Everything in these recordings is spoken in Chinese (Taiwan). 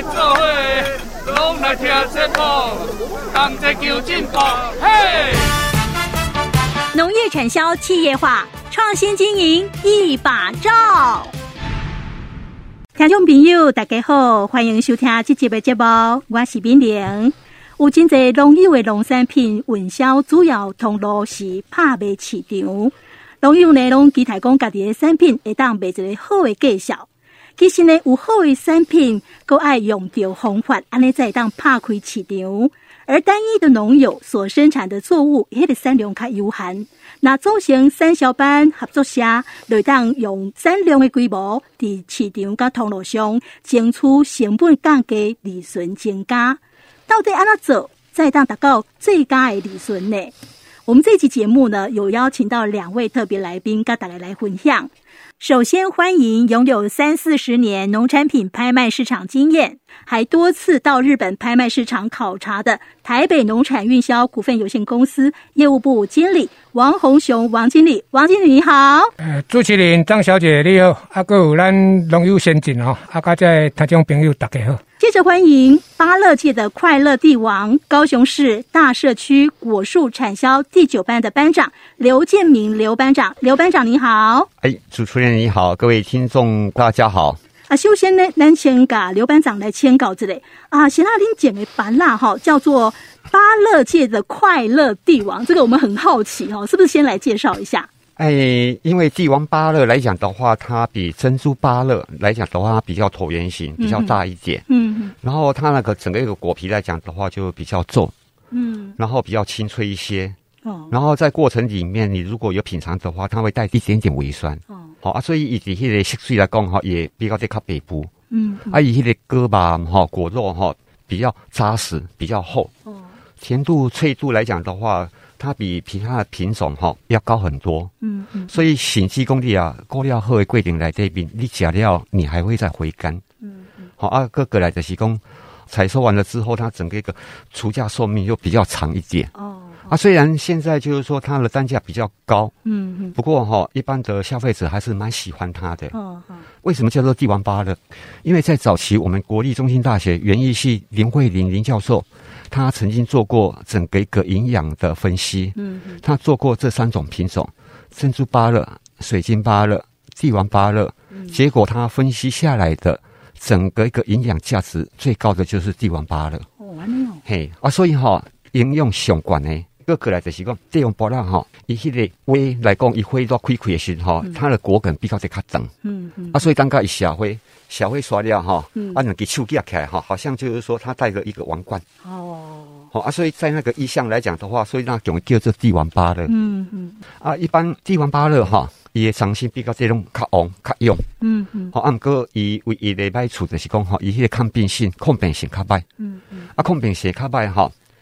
農業產銷企業化，創新經營一把罩。聽眾朋友，大家好，歡迎收聽這集的節目，我是敏玲。有真儕農友的農產品運銷主要通路是拍賣市場，農友呢，攏期待講家己的產品，會當賣一個好的介紹。其實呢，有好嘅產品，都愛用到方法，安尼才當拍開市場。而單一的農友所生產的作物，迄、那個產量較有限，那造成產銷班合作社，才當用產量嘅規模，佇市場佮通路上，爭取成本降低，利潤增加。到底安怎麼做，才當達到最佳嘅利潤呢？我們這期節目呢，有邀請到兩位特別來賓，佮大家來分享。首先歡迎擁有三四十年農產品拍賣市場經驗，還多次到日本拍賣市場考察的台北農產運銷股份有限公司業務部經理王鴻雄王經理。王經理你好，呃，主持人張小姐你好，阿、啊、哥，咱農友先進哦，阿家在台中朋友大家好。接着歡迎芭樂界的快樂帝王，高雄市大社區果樹產銷第九班的班長劉建明劉班長，劉班長你好，哎主持人你好，各位聽眾大家好。啊，首先呢，先請劉班長來簽稿子嘞。啊，喜兩天姐妹，煩蠟哈，叫做芭樂界的快樂帝王，這個我們很好奇哈、哦，是不是先來介紹一下？哎、欸，因為帝王芭樂來講的話，它比珍珠芭樂來講的話它比較橢圓形，比較大一點。嗯，嗯嗯然後它那個整個一個果皮來講的話就比較重。嗯，然後比較清脆一些。哦，然後在過程裡面，你如果有品嘗的話，它會帶一點點微酸。哦，好、哦、啊，所以以以它的色水來講，哈，也比較在靠北部。嗯，嗯啊，以它的胳膊，哈、喔、果肉哈、喔、比較扎實，比較厚。哦，甜度、脆度來講的話。它比其他的品種哈、哦、要高很多，嗯，嗯，所以選基工地啊，過料後的規定來這邊，你假料，你還會再回甘，嗯好、嗯、啊，各個來的施工，採收完了之後，它整個一個出價壽命又比較長一點哦。啊，雖然現在就是說它的單價比較高，嗯嗯，不過哈、哦，一般的消費者還是蠻喜歡它的。哦哦，為什麼叫做帝王芭樂？因為在早期，我們國立中心大學園藝系林慧玲林，林教授，他曾經做過整個一個營養的分析，嗯，他做過這三種品種：珍珠芭樂、水晶芭樂、帝王芭樂，嗯、結果他分析下來的整個一個營養價值最高的就是帝王芭樂。哦，完美哦嘿啊，所以哈、哦，應用熊管呢。個個來就是講，這種波浪哈，以迄個胃來講，伊會多虧虧的是哈、嗯，它的果梗比較在較長。嗯嗯。啊，所以剛剛一小會，小會刷掉哈、嗯，啊，兩個手夾起來哈，好像就是說，它戴着一個王冠。哦。好啊，所以在那個意象來講的話，所以那叫叫做帝王芭樂。嗯嗯。啊，一般帝王芭樂哈，伊的長勢比較這種較旺較用，嗯嗯。好、啊，暗個伊唯一的賣處就是講哈，伊迄個抗病性、抗病性較歹。嗯，嗯啊，抗病性較歹哈。啊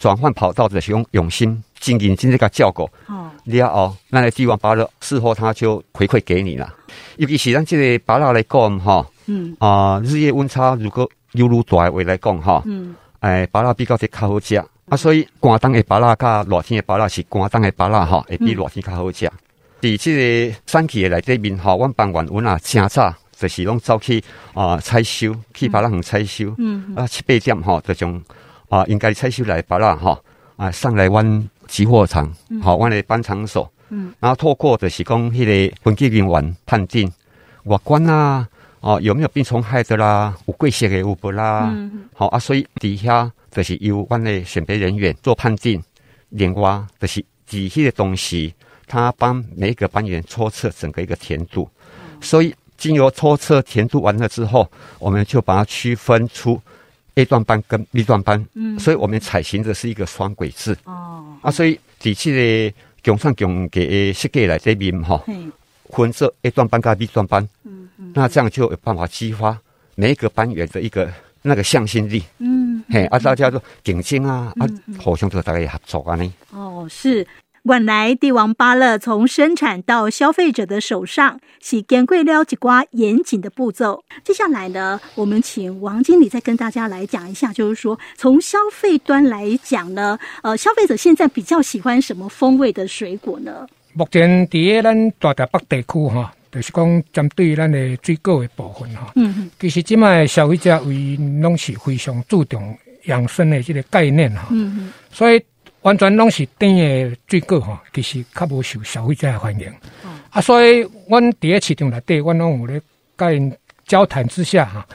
轉換跑道的用用心，經營今天個效果。哦，你要哦，咱個帝王芭樂事後他就回饋給你了。尤其是咱這個芭樂來講哈、啊，嗯啊，日夜溫差如果猶如，如大話來講哈，嗯、哎，誒，芭樂比較是較好食啊，所以寒冬的芭樂加熱天的芭樂是寒冬的芭樂哈，會比熱天較好食，嗯。在即個山區的內底面哈，溫、溫、溫啊，我們我們，很早，就是攏走去啊，採收去芭樂很採收，嗯啊，七八點哈，這、啊、種。啊，應該採取來發啦哈！啊，上來往集貨場，好、嗯，往來搬場所。嗯，然、啊、後透過就是講，迄個分級員判判定外觀啦、啊，哦、啊啊，有沒有病蟲害的啦，有跪屑的有不啦？嗯，好啊，所以底下就是由我們的選別人員做判定，連挖這些仔細的東西，他幫每一個班員搓測整個一個甜度、哦。所以精油搓測甜度完了之後，我們就把它區分出。A 段班跟 B 段班，嗯，所以我們採行的是一個雙軌制，哦，啊，所以這次的共選共計設計來這邊哈、嗯，分這 A 段班跟 B 段班，嗯，嗯，嗯，那這樣就有辦法激發每一個班員的一個、嗯、那個向心力，嗯，嘿，嗯、啊大家都競爭啊，嗯嗯、啊互相都大家合作啊呢，哦是。本來帝王芭樂從生產到消費者的手上，是經過了幾關嚴謹的步驟。接下來呢，我們請王經理再跟大家來講一下，就是說從消費端來講呢，呃，消費者現在比較喜歡什麼風味的水果呢？目前在咱大台北地區哈、啊，就是講針對咱的水果的部分哈、啊。嗯嗯。其實這賣消費者為攏是非常注重養生的這個概念哈、啊。嗯嗯。所以。完全攏是甜的水果哈，其實較無受消費者的歡迎、哦。啊，所以，阮佇咧市場內底，阮攏有咧甲因交談之下哈，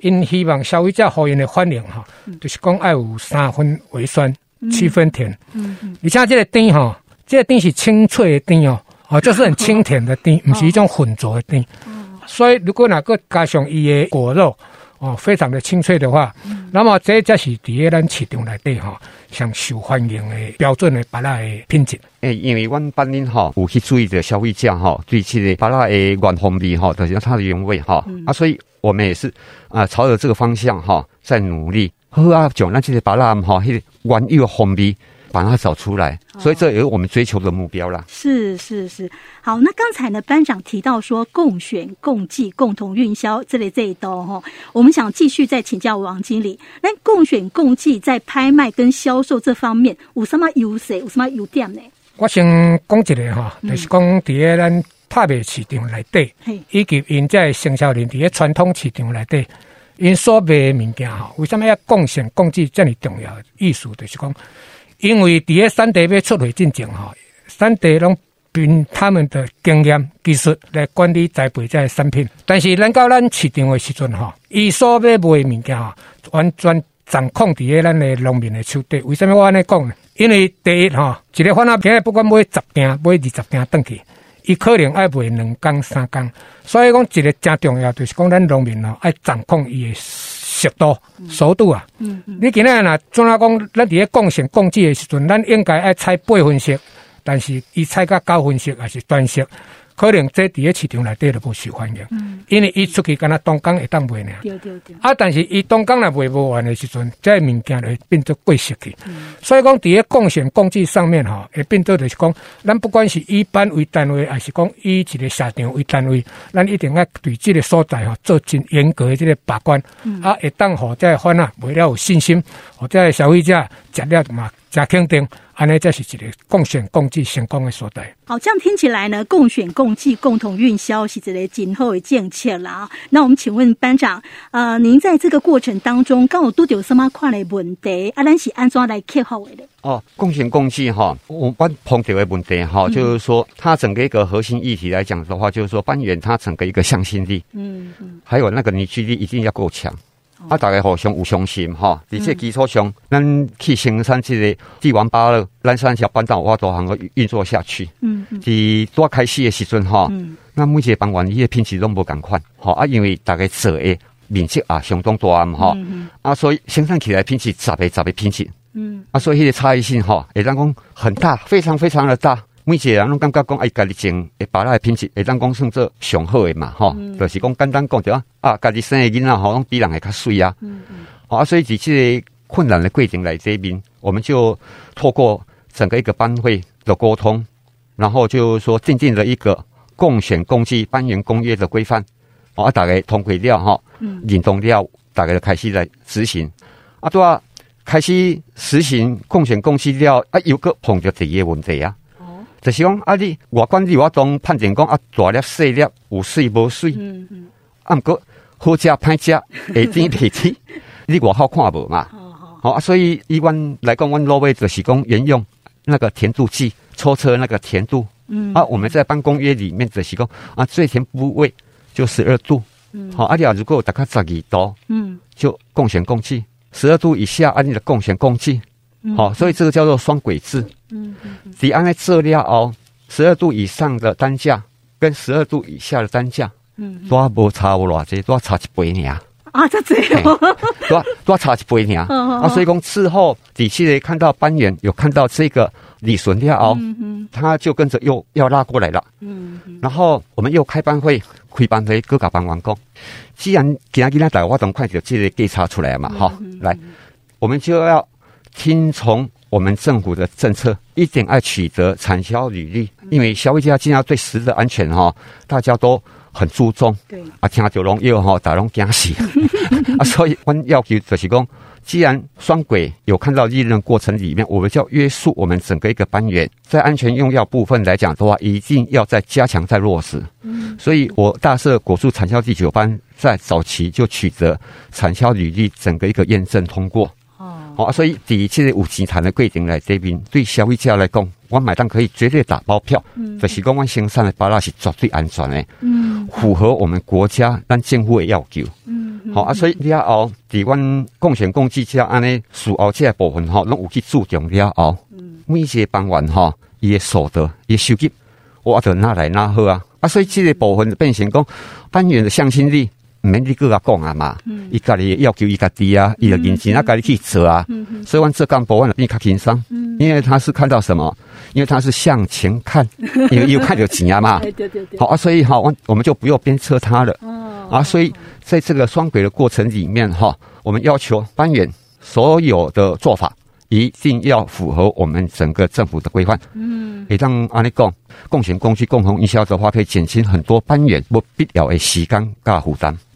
因希望消費者互因的反應哈，就是講愛有三分微酸，嗯、七分甜。嗯嗯。而且這個甜哈，這個甜是清脆的甜哦，哦，就是很清甜的甜，唔是一種渾濁的甜、哦。所以，如果那個加上伊的果肉。哦，非常的清脆的話，嗯、那麼這才是在咱市場內底哈上受歡迎的標準的芭樂的品質。誒，因為阮本人哈，有去注意的消費者哈，對即個芭樂的原風味哈，就是它的原味哈、嗯，啊，所以我們也是啊，朝着這個方向哈，在努力。好啊，像咱這個芭樂哈，迄個原有的風味。把它找出來，所以這也是我們追求的目標啦、哦。是是是，好，那剛才呢，班長提到說，共選、共計、共同運銷，這裡這一道哈，我們想繼續再請教王經理。那共選、共計在拍賣跟銷售這方面，有什麼優勢？有什麼優點呢？我先講一個哈，就是講在咱拍賣市場內底，以及因在經銷商在傳統市場內底，因所賣物件哈，為什麼要共選共計這麼重要？意思就是講。因為佇咧產地要出貨進前吼，產地攏憑他們的經驗技術來管理栽培這些產品。但是咱到咱市場誒時陣吼，伊所要賣誒物件吼，完全掌控佇咧咱誒農民誒手底。為蝦米我安尼講呢？因為第一吼，一個販啊平，不管買十件買二十件轉去，伊可能愛賣兩工三工，所以講一個真重要就是講咱農民吼愛掌控伊誒。熟度，熟度啊、嗯嗯嗯！你今日吶，怎啊講？咱佇咧共選、共計的時陣，咱應該愛採八分熟，但是伊採個九分熟還是斷熟。可能這在第一市場內底著不受歡迎，嗯嗯、因為伊出去敢若當剛會當賣了。啊，但是伊當剛來賣不完的時候，這個物件會變作貴些去。所以講，在共選共計上面哈，會變作就是講，咱不管是以班為單位，還是講以一個市場為單位，咱一定要對這個所在哈做盡嚴格的這個把關，嗯、啊，會當好在看啊，買了有信心，或者消費者食了。加肯定，安尼這是一個共選共計成功的所在。好，這樣聽起來呢，共選共計共同運銷是一個今後的政策啦。那我們請問班長，呃，您在這個過程當中，呃、當中剛有都有什麼款的問題？阿、啊、咱是安怎來克服的呢哦？共選共計哈、哦，我關碰幾個問題哈、哦嗯，就是說，它整個一個核心議題來講的話，就是說，班員他整個一個向心力，嗯，嗯還有那個凝聚力一定要夠強。啊，大家互相有信心哈，而、哦、且基礎上、嗯，咱去生產這個帝王芭樂，咱這些班長我話都能夠運作下去。嗯嗯，佇多開始的時陣哈，那、哦嗯、每只班員伊的品質攏無同款哈，啊，因為大家做的面積啊相當大嘛哈、哦嗯嗯，啊，所以生產起來品質差別差別品質。嗯，啊，所以伊個差異性哈，會當講很大，非常非常的大。.每一個人攏感覺講，哎，家己種，哎，擺拉個品質，會當講算作上好個嘛，吼、嗯，就是講簡單講就啊，家己生個囡仔吼，攏比人個較水啊，嗯嗯，啊，所以幾次困難的過程，來這邊，我們就透過整個一個班會的溝通，然後就是說訂定，定了一個共選共計班員公約的規範，啊，大概通過了吼，嗯，認同掉，大概開始來執行，啊，對啊，開始實行共選共計掉，啊，又擱碰着一個問題啊。就是講、啊，啊，你我管理我總判定講啊，大粒細粒有水無水，嗯嗯，按、啊、個好食歹食，下天地天， 你我好看無嘛？好好好、啊，所以一般來講，我落位就是講，沿用那個甜度計抽測那個甜度，嗯，啊，我們在辦公室裡面就是講啊，最甜部位就十二度，嗯，好，啊，你啊，如果大概十二度，嗯，就共選共計，十二度以下啊，你的共選共計。好、嗯哦，所以這個叫做雙軌制。嗯，底岸的資料哦，十二度以上的單價跟十二度以下的單價，嗯，都不差不多少，多差幾倍呢啊？這這多多 差幾倍呢、哦、啊？所以講，事後底期呢，看到班員有看到這個理順料哦，嗯他就跟着又要拉過來了。嗯，然後我們又開班會，開班會各個班完工，既然今天給他打電話總快點這裡給查出來了嘛？嗯、好來、嗯，我們就要。聽從我們政府的政策，一定要，取得產銷履歷，因為消費者經常對食的安全哈，大家都很注重。對啊，聽到九龍藥哈，打龍驚死啊，所以我們要求就是講，既然雙軌有看到利潤過程裡面，我們就要約束我們整個一個班員，在安全用藥部分來講的話，一定要再加強、再落實。嗯，所以我大社果樹產銷第九班在早期就取得產銷履歷，整個一個驗證通過。啊、所以第一次有市場的規定喺這邊，對消費者來講，我買單可以絕對打包票，嗯、就是講我生產的包納是絕對安全的，嗯，符合我們國家、咱政府嘅要求，嗯。好啊，所以你話哦，我哋共選共計車安尼數奧個部分，嗬，我有去注重了哦，嗯，每一些班員，嗬，伊嘅所得、伊嘅收益，我就拿來拿去啊，啊，所以這個部分變成講班員嘅向心力。免你個講啊嘛，伊、嗯、家己要求伊家己啊，伊個認真、嗯、啊，家己去測啊、嗯嗯嗯，所以阮做幹部，阮就比較輕鬆，因為他是看到什麼，因為他是向前看，有 有看有錢啊嘛，欸、對對對好啊，所以好、哦，我我們就不用鞭策他了、哦，啊，所以在這個雙軌的過程裡面哈、哦，我們要求班員所有的做法一定要符合我們整個政府的規範，嗯，可以上按你講，共選、共計、共同運銷的話，可以減輕很多班員不必要的時間跟負擔。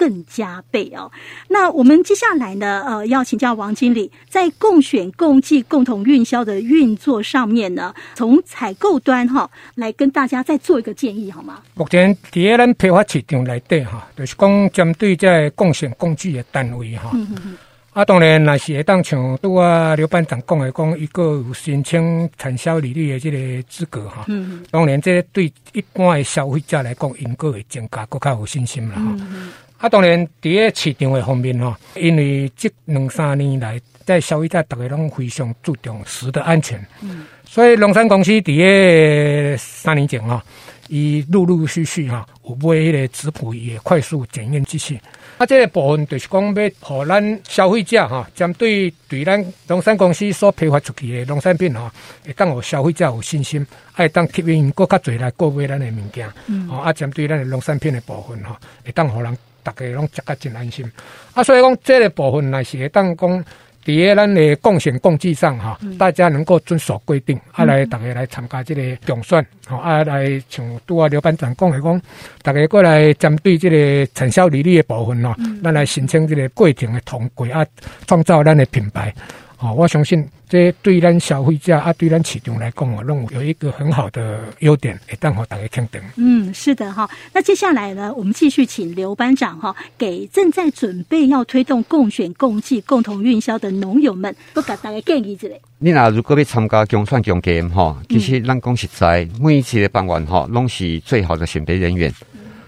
更加倍哦。那我們接下來呢？呃，要請教王經理，在共選共計共同運銷的運作上面呢，從採購端哈、哦，來跟大家再做一個建議好嗎？目前第一，咱批發市場內底哈，就是講針對在共選共計的單位哈、嗯。啊，當然，那些當場都啊劉班長講的，講一個有申請產銷利率的這個資格哈、嗯。當然，這對一般的消費者來講，應該會增加更加有信心了哈。嗯啊，當然，佇個市場嘅方面吼，因為即兩三年來，在、這個、消費者大家攏非常注重食的安全，嗯、所以農產公司佇個三年前吼，伊陸陸續續哈有買迄個質譜儀、快速檢驗機器。啊，即、這個、部分就是講要互咱消費者哈，針、啊、對對咱農產公司所批發出去嘅農產品哈，會、啊、當讓消費者有信心，會當吸引更加儕來購買咱嘅物件，嗯，啊，針對咱嘅農產品嘅部分哈，會當互人。大家攏食較真安心，啊，所以講這個部分也是，當講在咱的共選共計上哈、嗯，大家能夠遵守規定，嗯、啊來，來大家來參加這個共選、嗯，啊來，來像拄啊劉班長講的講，大家過來針對這個產銷利率的部分哦，咱、嗯啊、來申請這個過程的同軌啊，創造咱的品牌，哦、啊，我相信。這對咱小回家啊，對咱啟動來講啊，我認為有一個很好的優點，來等和大家平等。嗯，是的哈。那接下來呢，我們繼續請劉班長哈，給正在準備要推動共選共計共同運銷的農友們，不給大家建議之類。你那如果要參加共選共計哈，其實咱講實在，每一次的班員哈，攏是最好的選別人員。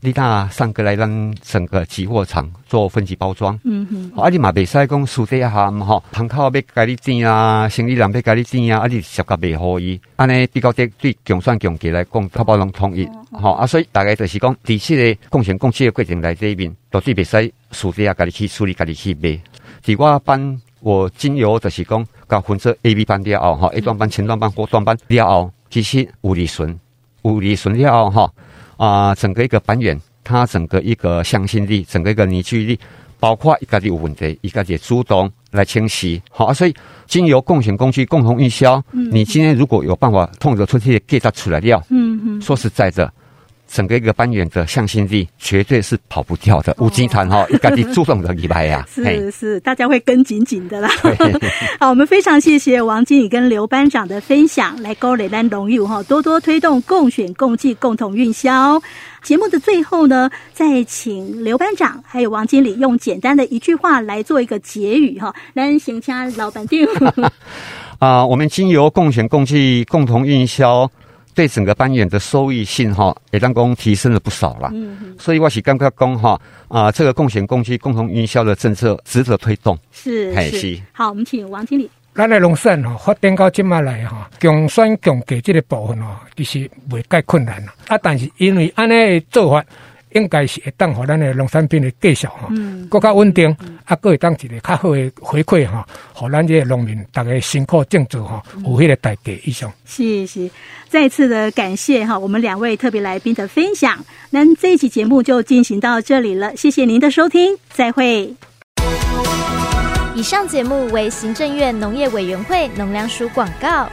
你家送過來咱整個集貨場做分級包裝，嗯、啊啊、共選共計嗯，啊，你嘛別使講輸低一下，吼，參考別介哩錢啊，生意人別介哩錢啊，啊，你十個別予伊安尼比較這對共選共計來講，較不能統一，吼、嗯。啊，所以大家就是講，第一個共選共計的過程來這一邊，都別使輸低啊，家己去處理家己去賣。是我班我精油就是講甲分色 A B 班了後吼、嗯、a 段班、前段班、後段，段班了後，其實有利潤，有利潤了後，吼。啊、呃，整個一個班員，它整個一個向心力，整個一個凝聚力，包括一個的穩業，一個的主動來清洗，好，啊、所以經由共選共計共同運銷，嗯，你今天如果有辦法痛着出去給他出來掉，嗯嗯，說實在的。整個一個班員的向心力絕對是跑不掉的，五集團哈，一竿子注重的個禮拜呀，哦、 是是，大家會跟緊緊的啦。 好，我們非常謝謝王經理跟劉班長的分享， 來勾勒咱農友哈，多多推動共選共計共同運銷。節目的最後呢，再請劉班長還有王經理用簡單的一句話來做一個結語哈，咱行車老闆定啊 呃，我們經由共選共計共同運銷。對整個班員的收益性哈、哦，也當中提升了不少了。嗯，嗯所以我是剛剛講哈啊、呃，這個共選共計、共同運銷的政策值得推動。是，是。是好，我們請王經理。咱來龍山哈，發展到來哈，共選共計這個部分其實不太困難了啊。但是因為做法。應該是會當，讓咱的農產品的介紹哈，嗯，更加穩定，啊，佫會當一個較好的回饋哈，讓咱這農民大家辛苦種作哈，有迄個帶給伊上。謝謝，再次的感謝哈，我們兩位特別來賓的分享。那這一期節目就進行到這裡了，謝謝您的收聽，再會。以上節目為行政院農業委員會農糧署廣告。